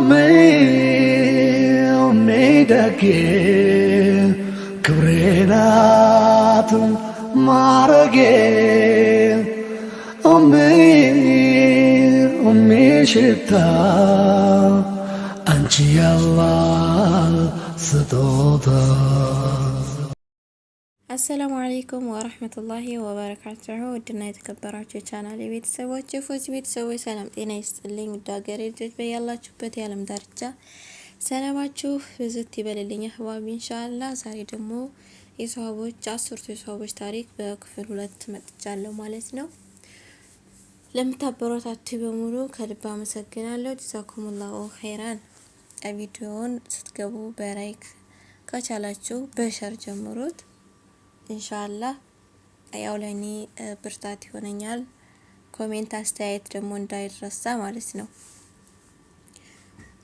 meu meida que crenato marge o meu o meu ante Allah se አሰላሙ አለይኩም ወረህመቱላሂ ወበረካቱሁ ውድና የተከበራችሁ የቻናል የቤተሰቦች የፎዚ ቤተሰቦች ሰላም ጤና ይስጥልኝ። ውድ ሀገሬ ልጆች በያላችሁበት የዓለም ዳርቻ ሰላማችሁ ብዝት ይበልልኝ አህባቢ እንሻላ። ዛሬ ደግሞ የሰሃቦች አስርቱ የሰሃቦች ታሪክ በክፍል ሁለት መጥቻለሁ ማለት ነው። ለምታበረታቱ በሙሉ ከልብ አመሰግናለሁ። ጀዛኩሙላሁ ኸይራን። ቪዲዮውን ስትገቡ በላይክ ከቻላችሁ በሸር ጀምሩት። እንሻላ ያው ለእኔ ብርታት ይሆነኛል። ኮሜንት አስተያየት ደግሞ እንዳይረሳ ማለት ነው።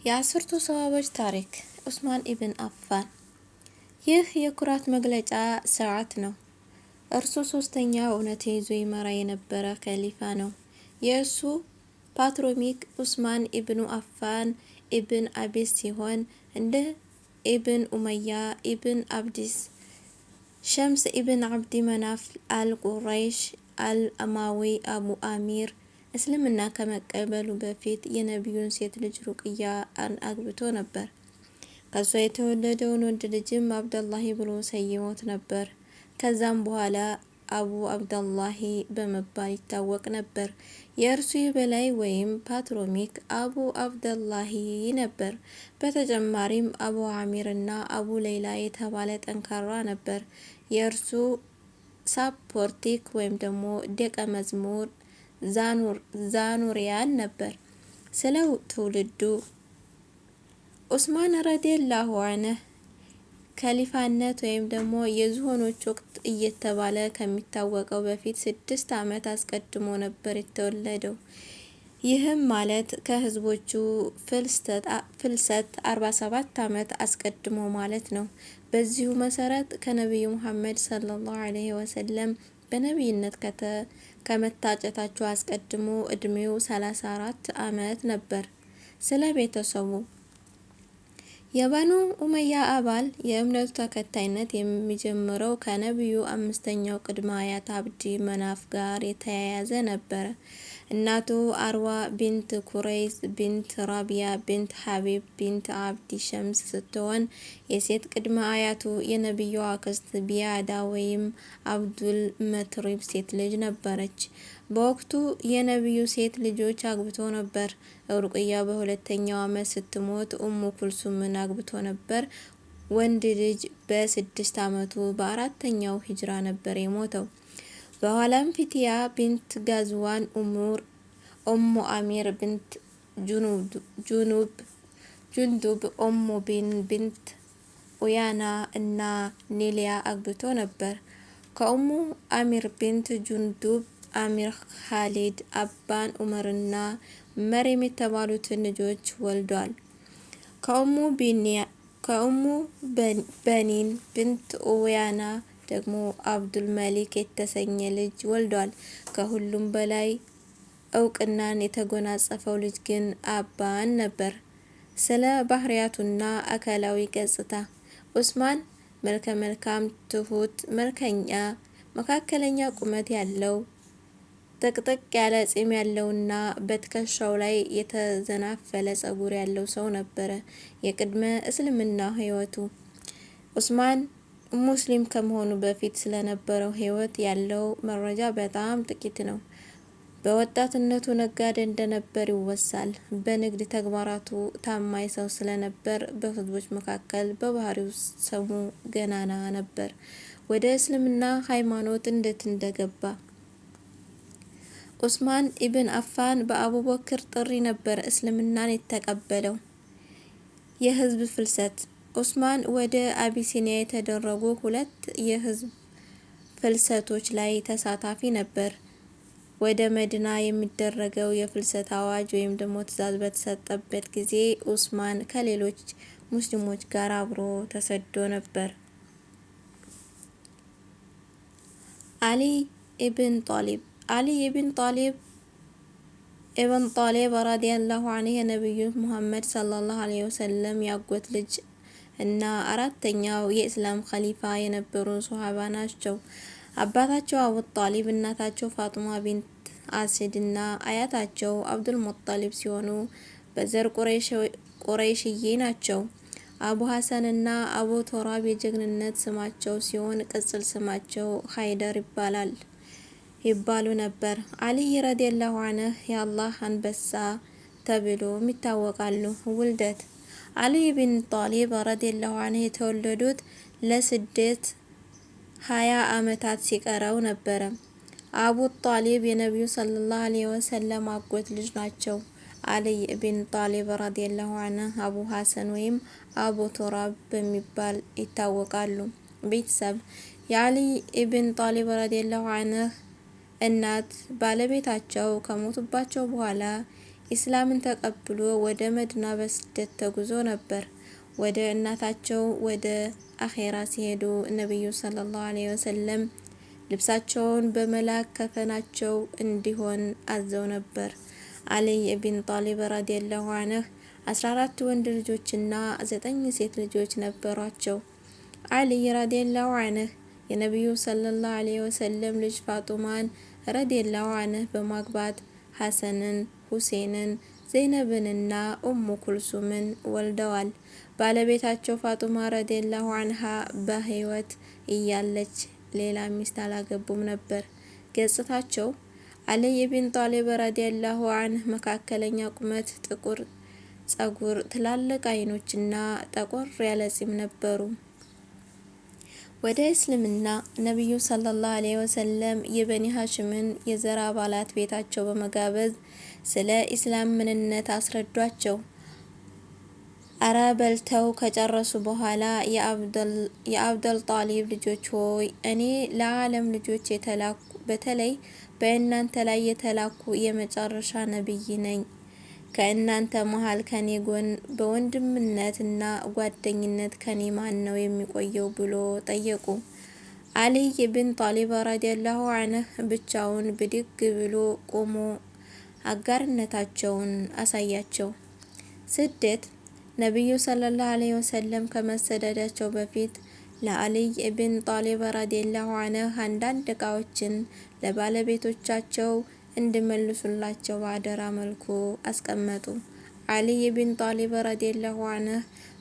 የአስርቱ ሰዋቦች ታሪክ ዑስማን ኢብን አፋን። ይህ የኩራት መግለጫ ሰዓት ነው። እርሱ ሶስተኛ እውነት ይዞ ይመራ የነበረ ከሊፋ ነው። የእሱ ፓትሮሚክ ዑስማን ኢብኑ አፋን ኢብን አቢስ ሲሆን እንደ ኢብን ኡመያ ኢብን አብዲስ ሸምስ ኢብን አብዲ መናፍ አል ቁረይሽ አል አማዊ አቡ አሚር እስልምና ከመቀበሉ በፊት የነቢዩን ሴት ልጅ ሩቅያ አግብቶ ነበር። ከሷ የተወለደውን ወንድ ልጅም አብደላሂ ብሎ ሰይሞት ነበር። ከዛም በኋላ አቡ አብደላሂ በመባል ይታወቅ ነበር። የእርሱ የበላይ ወይም ፓትሮሚክ አቡ አብደላሂ ነበር። በተጨማሪም አቡ አሚር እና አቡ ሌይላ የተባለ ጠንካራ ነበር። የእርሱ ሳፖርቲክ ወይም ደግሞ ደቀ መዝሙር ዛኑሪያን ነበር። ስለ ትውልዱ ዑስማን ረዲየላሁ አንህ ከሊፋነት ወይም ደግሞ የዝሆኖች ወቅት እየተባለ ከሚታወቀው በፊት ስድስት ዓመት አስቀድሞ ነበር የተወለደው። ይህም ማለት ከህዝቦቹ ፍልሰት 47 ዓመት አስቀድሞ ማለት ነው። በዚሁ መሰረት ከነቢዩ ሙሐመድ ሰለላሁ ዐለይሂ ወሰለም በነቢይነት ከመታጨታቸው አስቀድሞ እድሜው 34 ዓመት ነበር። ስለ ቤተሰቡ የባኑ ኡመያ አባል የእምነቱ ተከታይነት የሚጀምረው ከነቢዩ አምስተኛው ቅድመ አያት አብዲ መናፍ ጋር የተያያዘ ነበረ። እናቱ አርዋ ቢንት ኩረይዝ ቢንት ራቢያ ቢንት ሀቢብ ቢንት አብዲ ሸምስ ስትሆን የሴት ቅድመ አያቱ የነቢዩ አክስት ቢያዳ ወይም አብዱል መትሪብ ሴት ልጅ ነበረች። በወቅቱ የነቢዩ ሴት ልጆች አግብቶ ነበር። ሩቅያ በሁለተኛው ዓመት ስትሞት ኡሙ ኩልሱምን አግብቶ ነበር። ወንድ ልጅ በስድስት ዓመቱ በአራተኛው ሂጅራ ነበር የሞተው። በኋላም ፊትያ ቢንት ጋዝዋን ኡሙር ኡሙ አሚር ብንት ጁኑብ ጁንዱብ ኦሙ ቢን ቢንት ኡያና እና ኔሊያ አግብቶ ነበር። ከኡሙ አሚር ቢንት ጁንዱብ አሚር ካሊድ አባን ኡመርና መሪም የተባሉትን ልጆች ወልዷል። ከኡሙ በኒን ብንት ኡያና ደግሞ አብዱል መሊክ የተሰኘ ልጅ ወልዷል። ከሁሉም በላይ እውቅናን የተጎናጸፈው ልጅ ግን አባን ነበር። ስለ ባህሪያቱና አካላዊ ገጽታ ኡስማን መልከ መልካም፣ ትሁት፣ መልከኛ፣ መካከለኛ ቁመት ያለው ጥቅጥቅ ያለ ፂም ያለውና በትከሻው ላይ የተዘናፈለ ጸጉር ያለው ሰው ነበረ። የቅድመ እስልምና ሕይወቱ ኡስማን ሙስሊም ከመሆኑ በፊት ስለነበረው ሕይወት ያለው መረጃ በጣም ጥቂት ነው። በወጣትነቱ ነጋዴ እንደነበር ይወሳል። በንግድ ተግባራቱ ታማኝ ሰው ስለነበር በህዝቦች መካከል በባህሪው ስሙ ገናና ነበር። ወደ እስልምና ሃይማኖት እንዴት እንደገባ ኡስማን ኢብን አፋን በአቡበክር ጥሪ ነበር እስልምናን የተቀበለው። የህዝብ ፍልሰት ኡስማን ወደ አቢሲኒያ የተደረጉ ሁለት የህዝብ ፍልሰቶች ላይ ተሳታፊ ነበር። ወደ መዲና የሚደረገው የፍልሰት አዋጅ ወይም ደግሞ ትእዛዝ በተሰጠበት ጊዜ ኡስማን ከሌሎች ሙስሊሞች ጋር አብሮ ተሰዶ ነበር። አሊ ኢብን ጣሊብ አሊ ኢብን ጣሊብ ኢብን ጣሊብ ረዲየላሁ አንሁ የነቢዩ ሙሐመድ ሰለላሁ ዐለይሂ ወሰለም ያጎት ልጅ እና አራተኛው የእስላም ኸሊፋ የነበሩ ሶሃባ ናቸው። አባታቸው አቡ ጣሊብ፣ እናታቸው ፋጡማ ቢንት አሲድ እና አያታቸው አብዱል ሙጣሊብ ሲሆኑ በዘር ቁረይሽዬ ናቸው። አቡ ሀሰን እና አቡ ቶራብ የጀግንነት ስማቸው ሲሆን ቅጽል ስማቸው ሀይደር ይባላል ይባሉ ነበር። አሊይ ረዲየላሁ አንህ የአላህ አንበሳ ተብሎም ይታወቃሉ። ውልደት አልይ ብን ጣሊብ ረዲየላሁ አንሁ የተወለዱት ለስደት ሀያ አመታት ሲቀረው ነበረ። አቡ ጣሊብ የነቢዩ ሰለላሁ ዐለይሂ ወሰለም አጎት ልጅ ናቸው። አልይ ብን ጣሊብ ረዲየላሁ ዐንሁ አቡ ሀሰን ወይም አቡ ቱራብ በሚባል ይታወቃሉ። ቤተሰብ የአልይ ኢብን ጣሊብ ረዲየላሁ ዐንሁ እናት ባለቤታቸው ከሞቱባቸው በኋላ ኢስላምን ተቀብሎ ወደ መድና በስደት ተጉዞ ነበር። ወደ እናታቸው ወደ አኼራ ሲሄዱ ነቢዩ ሰለላሁ ዐለይሂ ወሰለም ልብሳቸውን በመላክ ከፈናቸው እንዲሆን አዘው ነበር። አሊይ ኢብን ጣሊብ ረዲየላሁ ዐንሁ አስራ አራት ወንድ ልጆችና ዘጠኝ ሴት ልጆች ነበሯቸው። አልይ ረዲየላሁ ዐንሁ የነቢዩ ሰለላሁ ዐለይሂ ወሰለም ልጅ ፋጡማን ረዲየላሁ ዐንሁ በማግባት ሐሰንን ሁሴንን ዘይነብንና ኡሙ ኩልሱምን ወልደዋል። ባለቤታቸው ፋጡማ ረዲየላሁ አንሃ በህይወት እያለች ሌላ ሚስት አላገቡም ነበር። ገጽታቸው አልይ ቢን ጣሊብ ረዲየላሁ አንህ መካከለኛ ቁመት፣ ጥቁር ጸጉር፣ ትላልቅ አይኖችና ጠቆር ያለ ጺም ነበሩ። ወደ እስልምና ነቢዩ ሰለላሁ ዐለይሂ ወሰለም የበኒ ሀሽምን የዘር አባላት ቤታቸው በመጋበዝ ስለ ኢስላም ምንነት አስረዷቸው። አረ በልተው ከጨረሱ በኋላ የአብደል ጣሊብ ልጆች ሆይ እኔ ለዓለም ልጆች የተላኩ በተለይ በእናንተ ላይ የተላኩ የመጨረሻ ነቢይ ነኝ። ከእናንተ መሀል ከኔ ጎን በወንድምነት እና ጓደኝነት ከኔ ማን ነው የሚቆየው ብሎ ጠየቁ። አልይ ብን ጣሊብ ረዲያላሁ አንህ ብቻውን ብድግ ብሎ ቆሞ አጋርነታቸውን አሳያቸው። ስደት ነቢዩ ሰለላሁ ዐለይሂ ወሰለም ከመሰደዳቸው በፊት ለአልይ ኢብን ጣሊብ ረዲየላሁ ዐንሁ አንዳንድ እቃዎችን ለባለቤቶቻቸው እንዲመልሱላቸው በአደራ መልኩ አስቀመጡ። አልይ ኢብን ጣሊብ ረዲየላሁ ዐንሁ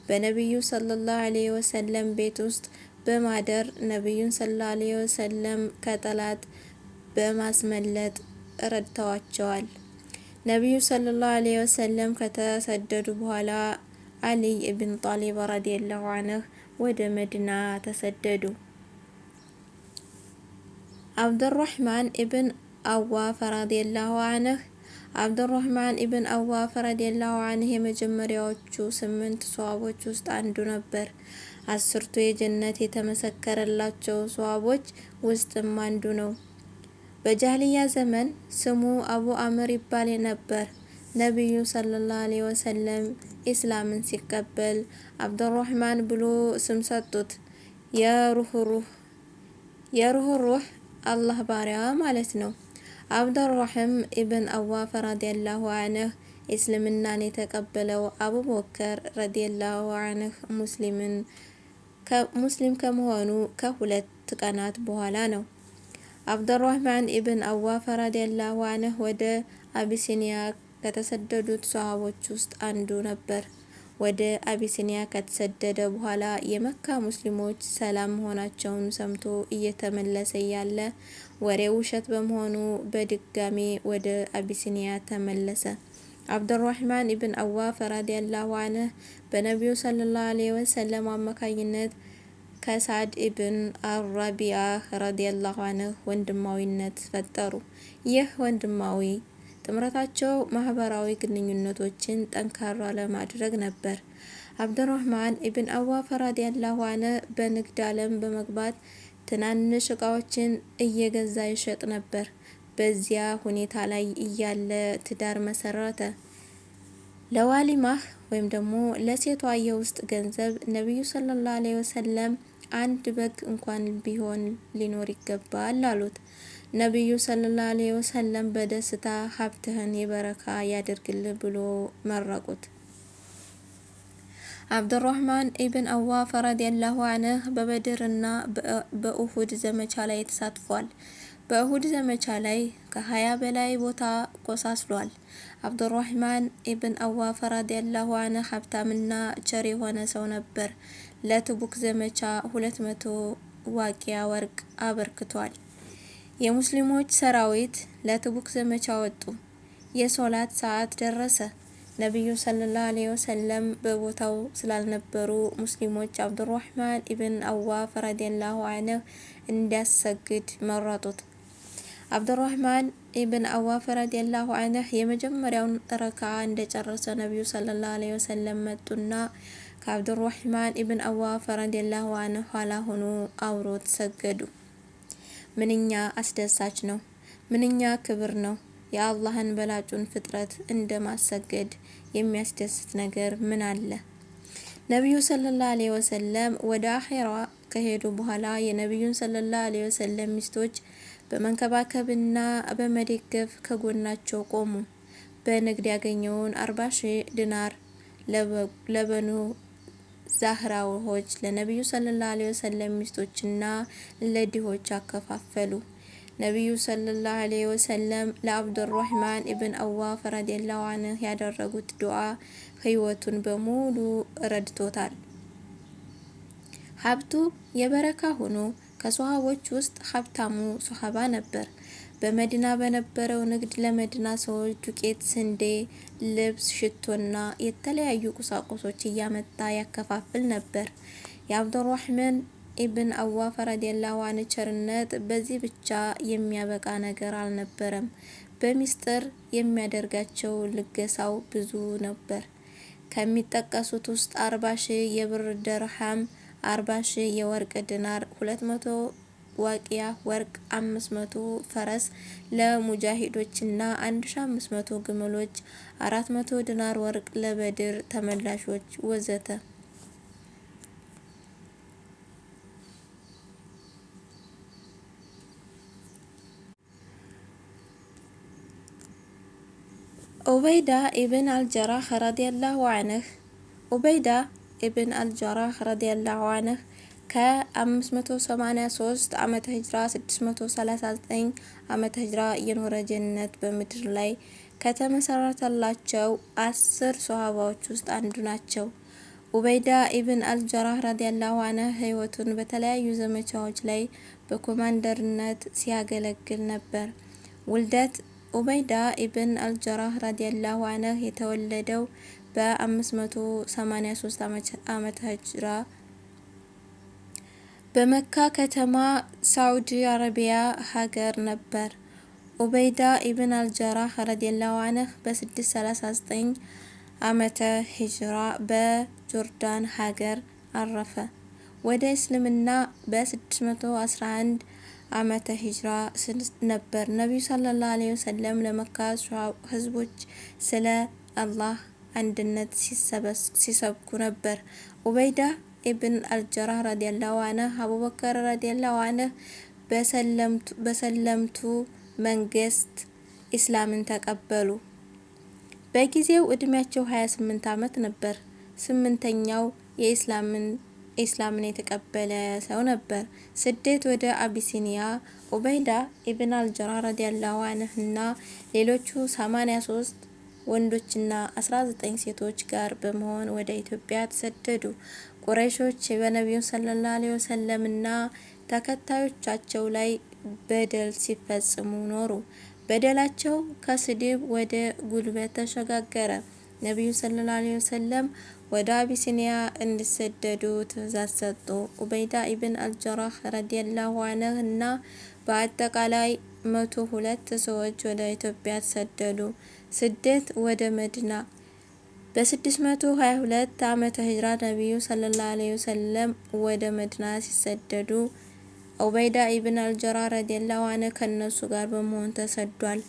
በነቢዩ ሰለላሁ ዐለይሂ ወሰለም ቤት ውስጥ በማደር ነቢዩን ሰለላሁ ዐለይሂ ወሰለም ከጠላት በማስመለጥ ረድተዋቸዋል። ነቢዩ ሰለላሁ ዐለይሂ ወሰለም ከተሰደዱ በኋላ አሊይ ኢብን ጣሊብ ረዲየላሁ ዐንሁ ወደ መዲና ተሰደዱ። አብዱራህማን ኢብን አዋፍ ረዲየላሁ ዐንሁ አብዱራህማን ኢብን አዋፍ ረዲየላሁ ዐንሁ የመጀመሪያዎቹ ስምንት ሰዋቦች ውስጥ አንዱ ነበር። አስርቱ የጀነት የተመሰከረላቸው ሰዋቦች ውስጥም አንዱ ነው። በጃህልያ ዘመን ስሙ አቡ አምር ይባል ነበር። ነቢዩ ሰለላሁ ዐለይሂ ወሰለም ኢስላምን ሲቀበል አብዱራህማን ብሎ ስም ሰጡት። የሩህሩህ አላህ ባሪያ ማለት ነው። አብዱራህም ኢብን አዋፍ ረዲየላሁ አንህ እስልምናን የተቀበለው አቡበከር ረዲየላሁ አንህ ሙስሊም ከመሆኑ ከሁለት ቀናት በኋላ ነው። አብዱራህማን ኢብን አዋፍ ረዲያላሁ አንህ ወደ አቢሲኒያ ከተሰደዱት ሰሃቦች ውስጥ አንዱ ነበር። ወደ አቢሲኒያ ከተሰደደ በኋላ የመካ ሙስሊሞች ሰላም መሆናቸውን ሰምቶ እየተመለሰ ያለ ወሬ ውሸት በመሆኑ በድጋሜ ወደ አቢሲኒያ ተመለሰ። አብዱራህማን ኢብን አዋፍ ረዲያላሁ አንህ በነቢዩ ሰለላሁ ዐለይሂ ወሰለም አማካኝነት ከሳዕድ ኢብን አራቢያ ረዲየላሁ አንሁ ወንድማዊነት ፈጠሩ። ይህ ወንድማዊ ጥምረታቸው ማህበራዊ ግንኙነቶችን ጠንካራ ለማድረግ ነበር። አብዱራህማን ኢብን አዋፍ ረዲየላሁ አንሁ በንግድ ዓለም በመግባት ትናንሽ እቃዎችን እየገዛ ይሸጥ ነበር። በዚያ ሁኔታ ላይ እያለ ትዳር መሰረተ። ለዋሊማህ ወይም ደግሞ ለሴቷ የውስጥ ገንዘብ ነቢዩ ሰለላሁ ዐለይሂ ወሰለም አንድ በግ እንኳን ቢሆን ሊኖር ይገባል አሉት። ነቢዩ ሰለላሁ ዐለይሂ ወሰለም በደስታ ሀብትህን የበረካ ያደርግልህ ብሎ መረቁት። አብዱራህማን ኢብን አዋፍ ረዲያላሁ አንህ በበድርና በኡሁድ ዘመቻ ላይ ተሳትፏል። በእሁድ ዘመቻ ላይ ከሀያ በላይ ቦታ ቆሳስሏል። አብዱራህማን ኢብን አዋፍ ረዲያላሁ አንህ ሀብታምና ቸር የሆነ ሰው ነበር። ለትቡክ ዘመቻ 200 ዋቂያ ወርቅ አበርክቷል። የሙስሊሞች ሰራዊት ለትቡክ ዘመቻ ወጡ። የሶላት ሰዓት ደረሰ። ነቢዩ ሰለላሁ ዐለይሂ ወሰለም በቦታው ስላልነበሩ ሙስሊሞች አብዱራህማን ኢብን አዋፍ ረዲየላሁ አንሁ እንዲያሰግድ መረጡት። አብዱራህማን ኢብን አዋፍ ረዲየላሁ አንሁ የመጀመሪያውን ረክዓ እንደጨረሰ ነቢዩ ሰለላሁ አለይሂ ወሰለም መጡና ከአብዱራህማን ኢብን አዋፍ ረዲየላሁ አንሁ ኋላ ሆኖ አብሮት ሰገዱ። ምንኛ አስደሳች ነው! ምንኛ ክብር ነው! የአላህን በላጩን ፍጥረት እንደ ማሰገድ የሚያስደስት ነገር ምን አለ? ነቢዩ ሰለላሁ ዐለይሂ ወሰለም ወደ አኺራ ከሄዱ በኋላ የነቢዩን ሰለላሁ ዐለይሂ ወሰለም ሚስቶች በመንከባከብና በመደገፍ ከጎናቸው ቆሙ። በንግድ ያገኘውን አርባ ሺህ ዲናር ለበኑ ዛህራዎች ለነቢዩ ሰለላሁ ዐለይሂ ወሰለም ሚስቶችና ለድሆች አከፋፈሉ። ነቢዩ ሰለላሁ ዐለይሂ ወሰለም ለአብዱራህማን ኢብን አዋፍ ረዲየላሁ ዐንሁ ያደረጉት ዱዓ ህይወቱን በሙሉ ረድቶታል። ሀብቱ የበረካ ሆኖ ከሶሃቦች ውስጥ ሀብታሙ ሶሃባ ነበር። በመዲና በነበረው ንግድ ለመዲና ሰዎች ዱቄት፣ ስንዴ፣ ልብስ፣ ሽቶና የተለያዩ ቁሳቁሶች እያመጣ ያከፋፍል ነበር። የአብዱራህማን ኢብን አዋፍ ረዲየላሁ ቸርነት በዚህ ብቻ የሚያበቃ ነገር አልነበረም። በሚስጥር የሚያደርጋቸው ልገሳው ብዙ ነበር። ከሚጠቀሱት ውስጥ አርባ ሺህ የብር ደርሃም፣ አርባ ሺህ የወርቅ ዲናር፣ ሁለት መቶ ዋቂያ ወርቅ 500 ፈረስ ለሙጃሂዶችና 1500 ግመሎች፣ 400 ዲናር ወርቅ ለበድር ተመላሾች ወዘተ። ኡበይዳ ኢብን አልጀራህ ረዲየላሁ አንህ ኡበይዳ ኢብን አልጀራህ ረዲየላሁ አንህ ከ583 ዓመተ ህጅራ 639 ዓመተ ህጅራ የኖረ ጀነት በምድር ላይ ከተመሰረተላቸው አስር ሶሃባዎች ውስጥ አንዱ ናቸው። ኡበይዳ ኢብን አልጀራህ ረዲያላሁ አንህ ህይወቱን በተለያዩ ዘመቻዎች ላይ በኮማንደርነት ሲያገለግል ነበር። ውልደት ኡበይዳ ኢብን አልጀራህ ረዲያላሁ አንህ የተወለደው በ583 ዓመተ ህጅራ በመካ ከተማ ሳዑዲ አረቢያ ሀገር ነበር። ኡበይዳ ኢብን አልጀራህ ረዲላሁ አንህ በ639 ዓመተ ሂጅራ በጆርዳን ሀገር አረፈ። ወደ እስልምና በ611 ዓመተ ሂጅራ ነበር። ነቢዩ ሰለላሁ ዐለይሂ ወሰለም ለመካ ህዝቦች ስለ አላህ አንድነት ሲሰብኩ ነበር። ኡበይዳ ኢብን አልጀራህ ረዲያላሁ አንህ አቡበከር ረዲያላሁ አንህ በሰለምቱ መንግስት ኢስላምን ተቀበሉ። በጊዜው እድሜያቸው 28 ዓመት ነበር። ስምንተኛው የኢስላምን ኢስላምን የተቀበለ ሰው ነበር። ስደት ወደ አቢሲኒያ ኡበይዳ ኢብን አልጀራህ ረዲያላሁ አንህ እና ሌሎቹ 83 ወንዶችና 19 ሴቶች ጋር በመሆን ወደ ኢትዮጵያ ተሰደዱ። ቁረይሾች በነቢዩ ሰለላሁ ዐለይሂ እና ተከታዮቻቸው ላይ በደል ሲፈጽሙ ኖሩ። በደላቸው ከስድብ ወደ ጉልበት ተሸጋገረ። ነቢዩ ሰለላሁ ዐለይሂ ወሰለም ወደ አቢሲኒያ እንዲሰደዱ ትእዛዝ ሰጡ። ኡበይዳ ኢብን አልጀራህ ረዲየላሁ አንህ እና በአጠቃላይ መቶ ሁለት ሰዎች ወደ ኢትዮጵያ ተሰደዱ። ስደት ወደ መዲና በ622 ዓመተ ሂጅራ ነቢዩ ሰለላሁ ዐለይሂ ወሰለም ወደ መድና ሲሰደዱ ኡበይዳ ኢብን አልጀራ ረዲየላሁ አንህ ከነሱ ጋር በመሆን ተሰዷል።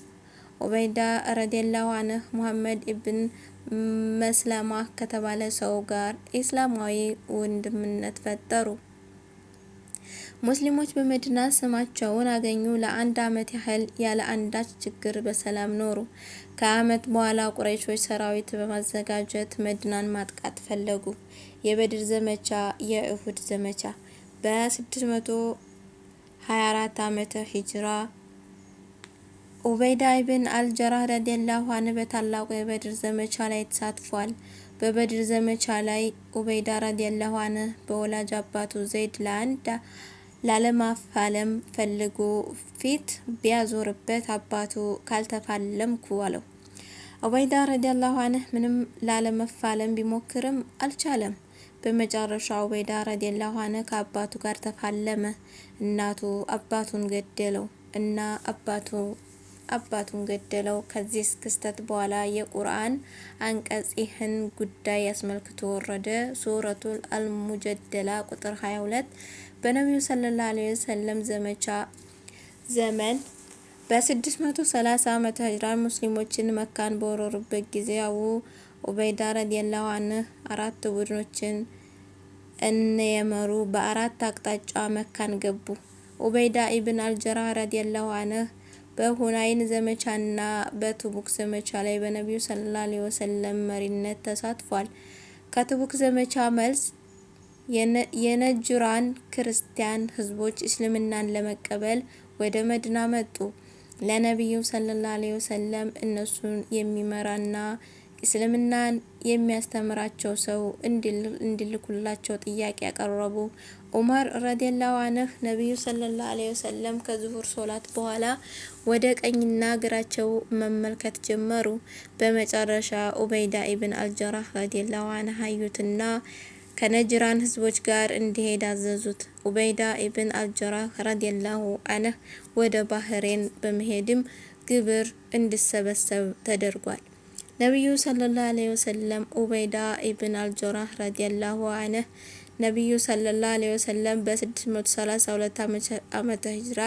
ኡበይዳ ረዲየላሁ አንህ ሙሐመድ ኢብን መስለማ ከተባለ ሰው ጋር ኢስላማዊ ወንድምነት ፈጠሩ። ሙስሊሞች በመዲና ስማቸውን አገኙ። ለአንድ ዓመት ያህል ያለ አንዳች ችግር በሰላም ኖሩ። ከዓመት በኋላ ቁረይሾች ሰራዊት በማዘጋጀት መዲናን ማጥቃት ፈለጉ። የበድር ዘመቻ፣ የእሁድ ዘመቻ በ624 ዓመተ ሂጅራ ኡበይዳ ኢብን አልጀራህ ረዲየላሁ አንሁ በታላቁ የበድር ዘመቻ ላይ ተሳትፏል። በበድር ዘመቻ ላይ ኡበይዳ ረዲየላሁ አንሁ በወላጅ አባቱ ዘይድ ለአንድ ላለማፋለም ፈልጎ ፊት ቢያዞርበት አባቱ ካልተፋለምኩ አለው። ዑበይዳ ረዲያላሁ አንህ ምንም ላለመፋለም ቢሞክርም አልቻለም። በመጨረሻ ዑበይዳ ረዲያላሁ አንህ ከአባቱ ጋር ተፋለመ። እናቱ አባቱን ገደለው እና አባቱ አባቱን ገደለው። ከዚህ ክስተት በኋላ የቁርአን አንቀጽ ይህን ጉዳይ አስመልክቶ ወረደ። ሱረቱል አልሙጀደላ ቁጥር 22 በነቢዩ ሰለላሁ ዐለይሂ ወሰለም ዘመቻ ዘመን በ630 ዓመተ ሂጅራ ሙስሊሞችን መካን በወረሩበት ጊዜ አቡ ኡበይዳ ረዲየላሁ ዐንሁ አራት ቡድኖችን እነየመሩ በአራት አቅጣጫ መካን ገቡ። ኡበይዳ ኢብን አልጀራህ ረዲየላሁ ዐንሁ በሁናይን ዘመቻና በትቡክ ዘመቻ ላይ በነቢዩ ሰለላሁ ዐለይሂ ወሰለም መሪነት ተሳትፏል። ከትቡክ ዘመቻ መልስ የነጅራን ክርስቲያን ህዝቦች እስልምናን ለመቀበል ወደ መድና መጡ። ለነቢዩ ሰለላሁ ዐለይሂ ወሰለም እነሱን የሚመራና እስልምናን የሚያስተምራቸው ሰው እንዲልኩላቸው ጥያቄ ያቀረቡ። ዑመር ረዲየላሁ አንህ ነቢዩ ሰለላሁ ዐለይሂ ወሰለም ከዙሁር ሶላት በኋላ ወደ ቀኝና ግራቸው መመልከት ጀመሩ። በመጨረሻ ኡበይዳ ኢብን አልጀራህ ረዲየላሁ ዐንሁ አዩትና ከነጅራን ህዝቦች ጋር እንዲሄድ አዘዙት። ኡበይዳ ኢብን አልጀራህ ረዲየላሁ ዐንሁ ወደ ባህሬን በመሄድም ግብር እንዲሰበሰብ ተደርጓል። ነቢዩ ሰለላሁ ዐለይሂ ወሰለም ኡበይዳ ኢብን አልጀራህ ረዲየላሁ ዐንሁ ነቢዩ ሰለላሁ ዐለይሂ ወሰለም በ632 ዓመተ ሂጅራ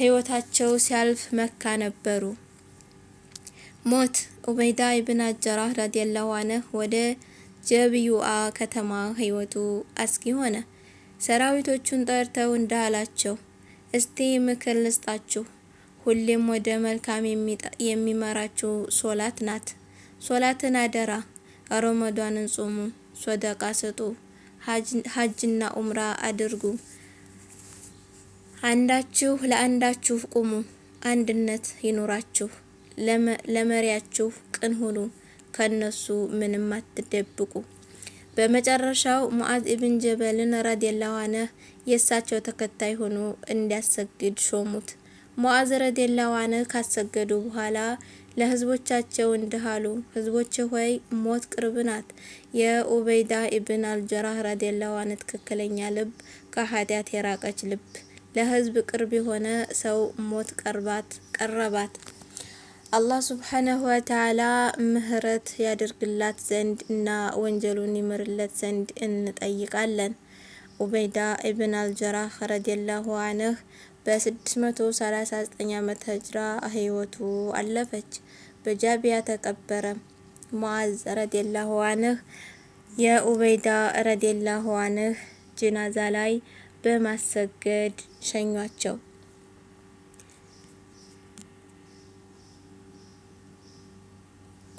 ህይወታቸው ሲያልፍ መካ ነበሩ። ሞት ኡበይዳ ኢብን አጀራህ ረዲየላሁ አንሁ ወደ ጀብዩአ ከተማ ህይወቱ አስጊ ሆነ። ሰራዊቶቹን ጠርተው እንዳላቸው እስቲ ምክር ልስጣችሁ። ሁሌም ወደ መልካም የሚመራችሁ ሶላት ናት። ሶላትን አደራ፣ ረመዷንን ጾሙ፣ ሶደቃ ስጡ፣ ሀጅና ኡምራ አድርጉ። አንዳችሁ ለአንዳችሁ ቁሙ፣ አንድነት ይኑራችሁ፣ ለመሪያችሁ ቅን ሁኑ፣ ከነሱ ምንም አትደብቁ። በመጨረሻው ሙአዝ ኢብን ጀበልን ረዲየላሁ አንሁ የእሳቸው ተከታይ ሆኖ እንዲያሰግድ ሾሙት። ሙአዝ ረዲየላሁ አንሁ ካሰገዱ በኋላ ለህዝቦቻቸው እንዲህ አሉ። ህዝቦች ሆይ ሞት ቅርብ ናት። የኡበይዳ ኢብን አልጀራህ ረዲየላሁ አንሁ ትክክለኛ ልብ ከኃጢአት የራቀች ልብ ለህዝብ ቅርብ የሆነ ሰው ሞት ቀርባት ቀረባት። አላህ ሱብሓነሁ ወተዓላ ምህረት ያደርግላት ዘንድ እና ወንጀሉን ይምርለት ዘንድ እንጠይቃለን። ኡበይዳ ኢብን አልጀራህ ረዲየላሁ አንህ በ639 ዓመተ ሂጅራ ህይወቱ አለፈች። በጃቢያ ተቀበረ። ሙአዝ ረዲየላሁ አንህ የኡበይዳ ረዲየላሁ አንህ ጅናዛ ላይ በማሰገድ ሸኟቸው።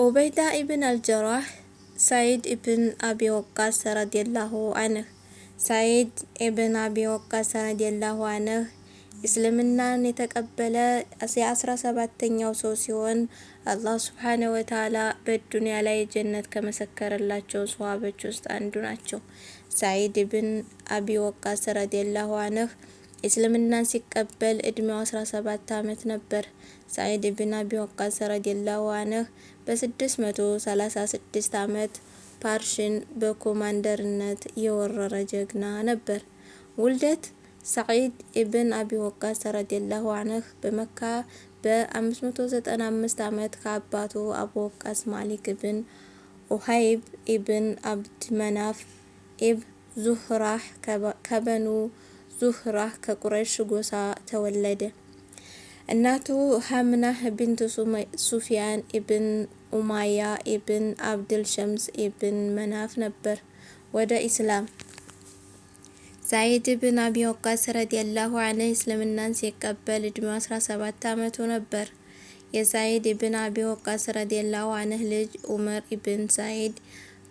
ኡበይዳ ኢብን አልጀራህ ሳይድ ኢብን አቢ ወቃስ ረዲየላሁ አንህ ሳይድ ኢብን አቢ ወቃስ ረዲየላሁ አንህ እስልምናን የተቀበለ የአስራ ሰባተኛው ሰው ሲሆን አላህ ስብሓነ ወተዓላ በዱንያ ላይ ጀነት ከመሰከረላቸው ሰዋቦች ውስጥ አንዱ ናቸው። ሰዒድ ብን አቢ ወቃስ ረዲየላሁ አንህ እስልምናን ሲቀበል እድሜው 17 ዓመት ነበር። ሰዒድ ብን አቢ ወቃስ ረዲየላሁ አንህ በ636 ዓመት ፓርሽን በኮማንደርነት የወረረ ጀግና ነበር። ውልደት ሰዒድ ኢብን አቢ ወቃስ ረዲየላሁ አንህ በመካ በ595 ዓመት ከአባቱ አቡ ወቃስ ማሊክ ኢብን ኡሃይብ ኢብን አብድ መናፍ ኢብ ዙህራህ ከበኑ ዙህራህ ከቁረሽ ጎሳ ተወለደ። እናቱ ሐምናህ ቢንት ሱፊያን ኢብን ኡማያ ኢብን አብድል ሸምስ ኢብን መናፍ ነበር። ወደ ኢስላም ዛይድ ብን አቢ ወቃስ ረዲየላሁ አንህ እስልምናን ሲቀበል እድሜው 17 ዓመቱ ነበር። የዛይድ ብን አቢ ወቃስ ረዲየላሁ አንህ ልጅ ኡመር ኢብን ዛይድ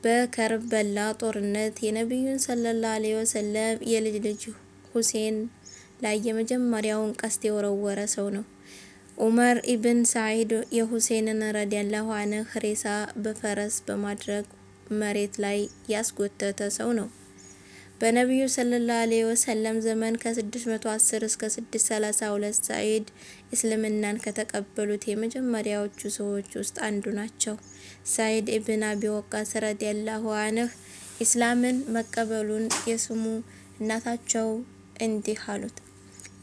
በከርበላ ጦርነት የነቢዩን ሰለላሁ ዐለይሂ ወሰለም የልጅ ልጅ ሁሴን ላይ የመጀመሪያውን ቀስት የወረወረ ሰው ነው። ኡመር ኢብን ሳዒድ የሁሴንን ረዲየላሁ አንህ ሬሳ በፈረስ በማድረግ መሬት ላይ ያስጎተተ ሰው ነው። በነቢዩ ሰለላሁ ዐለይሂ ወሰለም ዘመን ከ610 እስከ 632 ሰዒድ እስልምናን ከተቀበሉት የመጀመሪያዎቹ ሰዎች ውስጥ አንዱ ናቸው። ሰዒድ ኢብን አቢ ወቃስ ረዲየላሁ አንህ ኢስላምን መቀበሉን የስሙ እናታቸው እንዲህ አሉት፣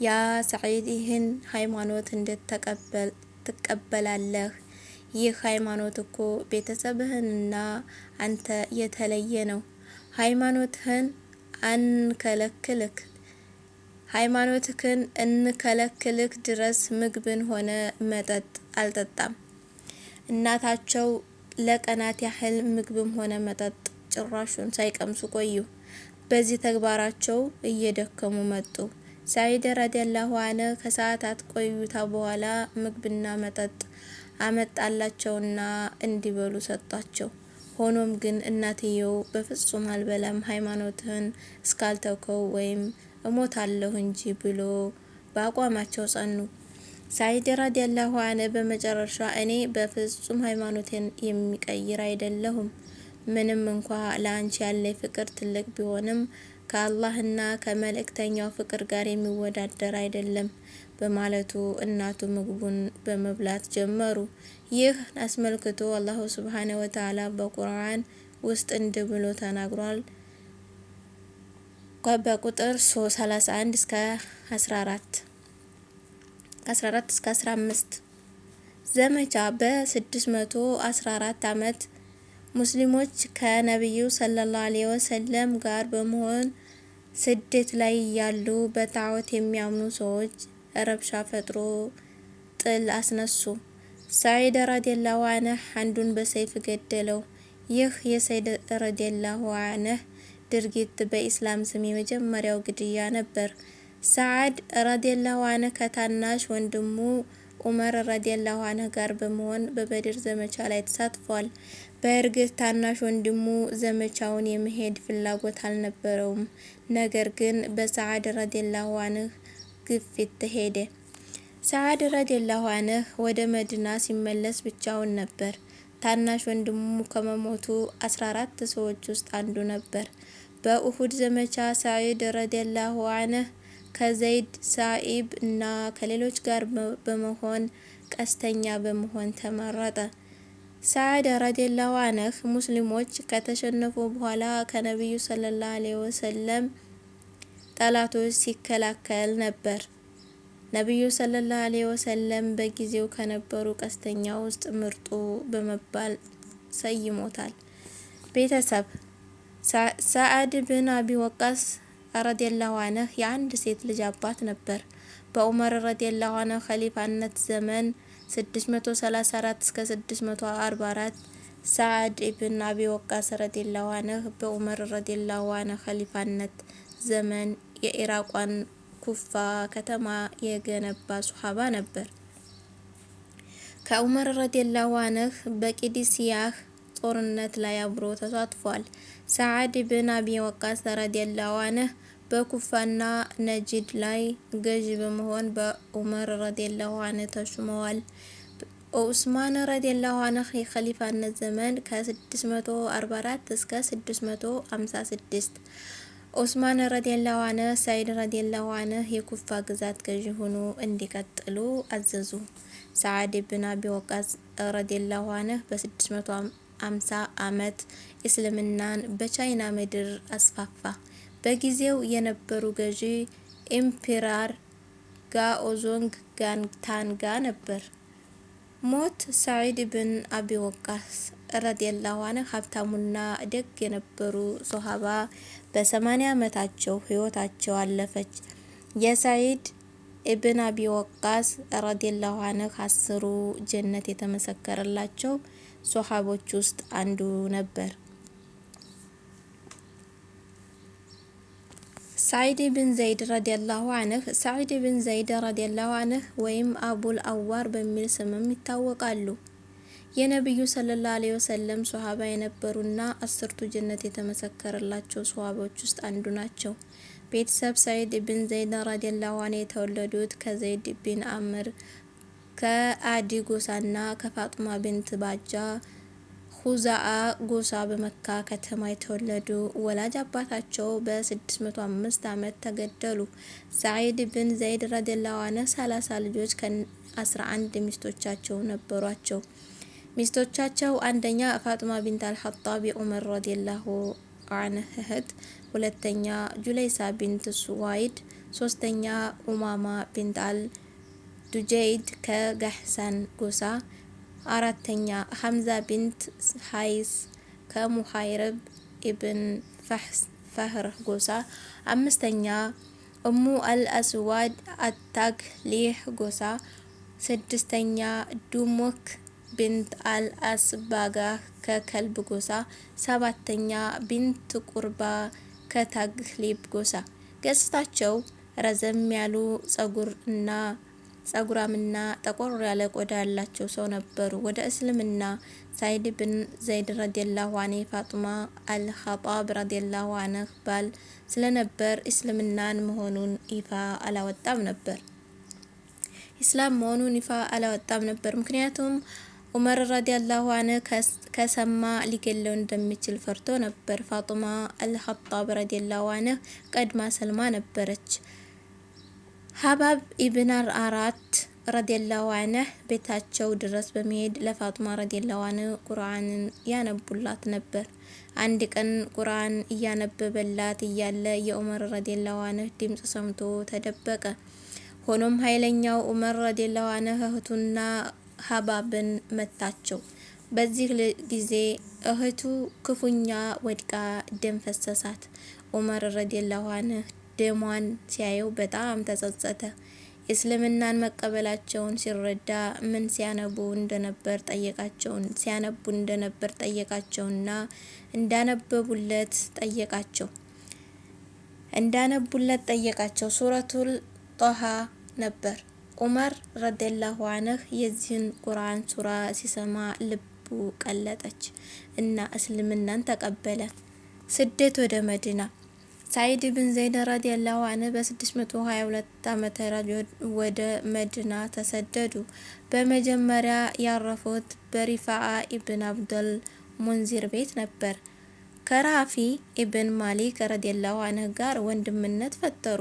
ያ ሰዒድ ይህን ሃይማኖት እንዴት ትቀበላለህ? ይህ ሃይማኖት እኮ ቤተሰብህንና አንተ የተለየ ነው። ሃይማኖትህን አንከለክልክ ሃይማኖትክን እንከለክልክ ድረስ ምግብን ሆነ መጠጥ አልጠጣም። እናታቸው ለቀናት ያህል ምግብም ሆነ መጠጥ ጭራሹን ሳይቀምሱ ቆዩ። በዚህ ተግባራቸው እየደከሙ መጡ። ሳይድ ረዲየላሁ ዐንሁ ከሰዓታት ቆይታ በኋላ ምግብና መጠጥ አመጣላቸውና እንዲበሉ ሰጧቸው። ሆኖም ግን እናትየው በፍጹም አልበላም፣ ሃይማኖትን እስካልተውከው ወይም እሞታለሁ እንጂ ብሎ በአቋማቸው ጸኑ። ሳይድ ረዲየላሁ ዐንሁ በመጨረሻ እኔ በፍጹም ሃይማኖቴን የሚቀይር አይደለሁም፣ ምንም እንኳ ለአንቺ ያለ ፍቅር ትልቅ ቢሆንም ከአላህና ከመልእክተኛው ፍቅር ጋር የሚወዳደር አይደለም። በማለቱ እናቱ ምግቡን በመብላት ጀመሩ። ይህ አስመልክቶ አላሁ ስብሓነ ወተዓላ በቁርአን ውስጥ እንዲህ ብሎ ተናግሯል። በቁጥር 31 እስከ 14 14 እስከ 15 ዘመቻ በ614 ዓመት ሙስሊሞች ከነቢዩ ሰለላሁ ዐለይሂ ወሰለም ጋር በመሆን ስደት ላይ ያሉ በጣዖት የሚያምኑ ሰዎች ረብሻ ፈጥሮ ጥል አስነሱ። ሳይድ ረዲየላሁ አንህ አንዱን በሰይፍ ገደለው። ይህ የሰይድ ረዲየላሁ አንህ ድርጊት በኢስላም ስም የመጀመሪያው ግድያ ነበር። ሰዓድ ረዲየላሁ አንህ ከታናሽ ወንድሙ ኡመር ረዲየላሁ አንህ ጋር በመሆን በበድር ዘመቻ ላይ ተሳትፏል። በእርግጥ ታናሽ ወንድሙ ዘመቻውን የመሄድ ፍላጎት አልነበረውም። ነገር ግን በሳዓድ ረዲየላሁ አንህ ግፊት ሄደ። ሰዓድ ረዲየላሁ አንህ ወደ መዲና ሲመለስ ብቻውን ነበር። ታናሽ ወንድሙ ከመሞቱ 14 ሰዎች ውስጥ አንዱ ነበር። በኡሁድ ዘመቻ ሰዒድ ረዲየላሁ አንህ ከዘይድ ሳኢብ እና ከሌሎች ጋር በመሆን ቀስተኛ በመሆን ተመረጠ። ሰዓድ ረዲየላሁ አንህ ሙስሊሞች ከተሸነፉ በኋላ ከነቢዩ ሰለላሁ ዐለይሂ ወሰለም ጠላቶች ሲከላከል ነበር። ነቢዩ ሰለላሁ ዐለይሂ ወሰለም በጊዜው ከነበሩ ቀስተኛ ውስጥ ምርጡ በመባል ሰይሞታል። ቤተሰብ ሳዓድ ብን አቢ ወቃስ ረዲየላሁ አንህ የአንድ ሴት ልጅ አባት ነበር። በዑመር ረዲየላሁ አንህ ኸሊፋነት ዘመን 634 እስከ 644 ሳዓድ ኢብን አቢ ወቃስ ረዲየላሁ አንህ በዑመር ረዲየላሁ አንህ ኸሊፋነት ዘመን የኢራቋን ኩፋ ከተማ የገነባ ሱሐባ ነበር። ከዑመር ረዲየላሁ አንህ በቂዲስያህ ጦርነት ላይ አብሮ ተሳትፏል። ሰዓድ ብን አቢ ወቃስ ረዲየላሁ አንህ በኩፋና ነጅድ ላይ ገዢ በመሆን በዑመር ረዲየላሁ አንህ ተሹመዋል። ኡስማን ረዲየላሁ አንህ የኸሊፋነት ዘመን ከ644 እስከ 656 ኦስማን ረዲየላሁ አንሁ ሰይድ ረዲየላሁ አንሁ የኩፋ ግዛት ገዢ ሆኖ እንዲቀጥሉ አዘዙ። ሰዓድ ብን አቢ ወቃስ ረዲየላሁ አንሁ በ650 ዓመት እስልምናን በቻይና ምድር አስፋፋ። በጊዜው የነበሩ ገዢ ኢምፒራር ጋኦዞንግ ጋንታንጋ ነበር። ሞት ሰዒድ ብን አቢ ወቃስ ረዲየላሁ አንሁ ሀብታሙና ደግ የነበሩ ሶሃባ በሰማኒያ ዓመታቸው ህይወታቸው አለፈች። የሰዒድ ኢብን አቢ ወቃስ ረዲየላሁ አንህ አስሩ ጀነት የተመሰከረላቸው ሶሐቦች ውስጥ አንዱ ነበር። ሰዒድ ብን ዘይድ ረዲየላሁ ዐንሁ ሰዒድ ብን ዘይድ ረዲየላሁ አንህ ወይም አቡል አዋር በሚል ስምም ይታወቃሉ። የነቢዩ ሰለላሁ ዐለይሂ ወሰለም ሶሃባ የነበሩና አስርቱ ጀነት የተመሰከረላቸው ሶሃቦች ውስጥ አንዱ ናቸው። ቤተሰብ ሰይድ ብን ዘይድ ራዲየላሁ ዐንሁ የተወለዱት ከዘይድ ኢብን አምር ከአዲ ጎሳና ከፋጥማ ብንት ባጃ ሁዛአ ጎሳ በመካ ከተማ የተወለዱ ወላጅ አባታቸው በ605 ዓመት ተገደሉ። ሰዒድ ብን ዘይድ ረዲየላሁ ዐንሁ 30 ልጆች ከ11 ሚስቶቻቸው ነበሯቸው። ሚስቶቻቸው አንደኛ ፋጥማ ቢንት አልሐጣብ የዑመር ረዲየላሁ አንህ እህት፣ ሁለተኛ ጁለይሳ ቢንት ሱዋይድ፣ ሶስተኛ ኡማማ ቢንት አል ዱጀይድ ከጋህሳን ጎሳ፣ አራተኛ ሐምዛ ቢንት ሀይስ ከሙሀይርብ ኢብን ፈህር ጎሳ፣ አምስተኛ እሙ አልአስዋድ አታግ ሊህ ጎሳ፣ ስድስተኛ ዱሙክ ቢንት አል አስባጋህ ከከልብ ጎሳ፣ ሰባተኛ ቢንት ቁርባ ከታግሊብ ጎሳ። ገጽታቸው ረዘም ያሉ ጸጉር እና ጸጉራምና ጠቆር ያለ ቆዳ ያላቸው ሰው ነበሩ። ወደ እስልምና ሳይድ ብን ዘይድ ረዲየላሁ አንህ ፋጡማ አልኸጣብ ረዲየላሁ አንህ ባል ስለነበር እስልምናን መሆኑን ይፋ አላወጣም ነበር። ኢስላም መሆኑን ይፋ አላወጣም ነበር ምክንያቱም ዑመር ረዲያላሁ አንሁ ከሰማ ሊገለው እንደሚችል ፈርቶ ነበር። ፋጡማ አልሀጣብ ረዲያላሁ አንሁ ቀድማ ሰልማ ነበረች። ሀባብ ኢብን አራት ረዲያላሁ አንሁ ቤታቸው ድረስ በመሄድ ለፋጡማ ረዲያላሁ አንሁ ቁርአንን ያነቡላት ነበር። አንድ ቀን ቁርአን እያነበበላት እያለ የዑመር ረዲያላሁ አንሁ ድምፅ ሰምቶ ተደበቀ። ሆኖም ኃይለኛው ዑመር ረዲያላሁ አንሁ እህቱና ሀባብን መታቸው። በዚህ ጊዜ እህቱ ክፉኛ ወድቃ ደም ፈሰሳት። ዑመር ረዲየላሁ አንህ ደሟን ሲያየው በጣም ተጸጸተ። እስልምናን መቀበላቸውን ሲረዳ ምን ሲያነቡ እንደነበር ጠየቃቸውን ሲያነቡ እንደነበር ጠየቃቸውና እንዳነበቡለት ጠየቃቸው እንዳነቡለት ጠየቃቸው። ሱረቱል ጦሃ ነበር። ዑመር ረዲየላሁ አንህ የዚህን ቁርአን ሱራ ሲሰማ ልቡ ቀለጠች እና እስልምናን ተቀበለ። ስደት ወደ መዲና ሳይድ ብን ዘይድ ረዲየላሁ አንህ በ622 ዓመተ ሂጅራ ወደ መዲና ተሰደዱ። በመጀመሪያ ያረፉት በሪፋአ ኢብን አብዱል ሙንዚር ቤት ነበር። ከራፊ ኢብን ማሊክ ረዲየላሁ አንህ ጋር ወንድምነት ፈጠሩ።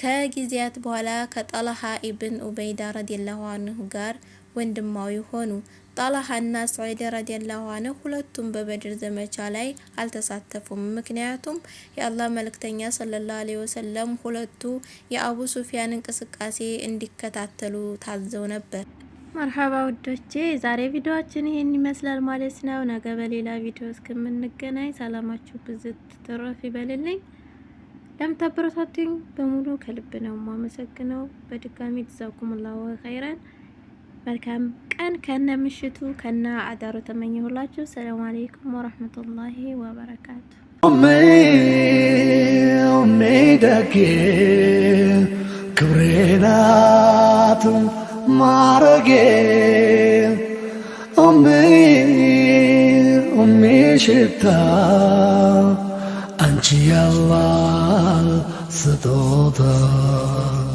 ከጊዜያት በኋላ ከጣልሃ ኢብን ኡበይዳ ረዲየላሁ አንሁ ጋር ወንድማዊ ሆኑ። ጣልሃና ሰዒድ ረዲየላሁ አንሁ ሁለቱም በበድር ዘመቻ ላይ አልተሳተፉም። ምክንያቱም የአላህ መልእክተኛ ሰለላሁ ዐለይሂ ወሰለም ሁለቱ የአቡ ሱፊያን እንቅስቃሴ እንዲከታተሉ ታዘው ነበር። መርሀባ ውዶቼ፣ ዛሬ ቪዲዮችን ይሄን ይመስላል ማለት ነው። ነገ በሌላ ቪዲዮ እስከምንገናኝ ሰላማችሁ ብዝት ትረፍ ይበልልኝ። ለምታበረታቱኝ በሙሉ ከልብ ነው የማመሰግነው። በድጋሚ ጀዛኩሙላሁ ኸይረን። መልካም ቀን ከነ ምሽቱ ከነ አዳሩ ተመኘሁላችሁ። ሰላም አለይኩም ወራህመቱላሂ ወበረካቱ። ሜደጌ ክብሬናት ማረጌ ሜ ሽታ አንቺ ያላ 是多得。